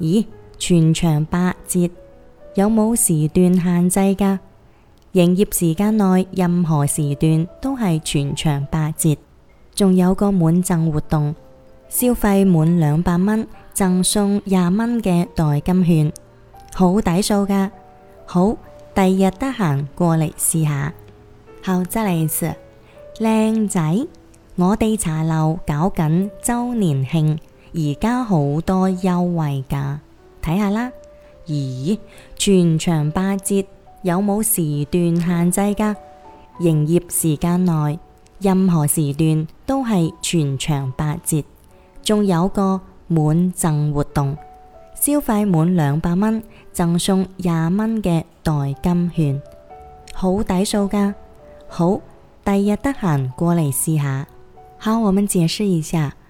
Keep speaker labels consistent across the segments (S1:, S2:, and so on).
S1: 咦，全場八折，有冇時段限制噶？營業時間內任何時段都係全場八折，仲有個滿贈活動，消費滿兩百蚊贈送廿蚊嘅代金券，好抵數噶。好，第二日得閒過嚟試下。後生嚟一次，r 靚仔，我哋茶樓搞緊周年慶。而家好多優惠噶，睇下啦。咦，全場八折，有冇時段限制噶？營業時間內，任何時段都係全場八折。仲有個滿贈活動，消費滿兩百蚊，贈送廿蚊嘅代金券，好抵數噶。好，第日得閒過嚟試下。好，我們解釋一下。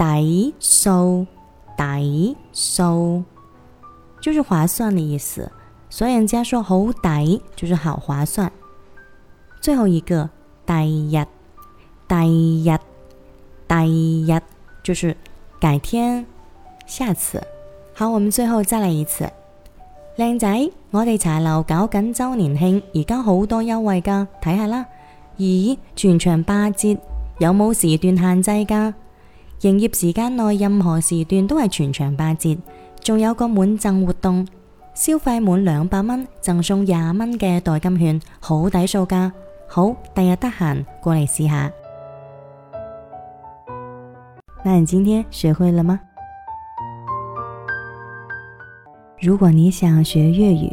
S1: 抵數，抵數就是划算的意思，所以人家說好抵就是好划算。最後一個第日，第日，第日，就是改天、下次。好，我們最後再嚟一次。靚仔，我哋茶樓搞緊周年慶，而家好多優惠噶，睇下啦。咦，全場八折，有冇時段限制噶？營業時間內任何時段都係全場八折，仲有個滿贈活動，消費滿兩百蚊贈送廿蚊嘅代金券，好抵數噶。好，第日得閒過嚟試下。那你今天學會了嗎？如果你想學粵語。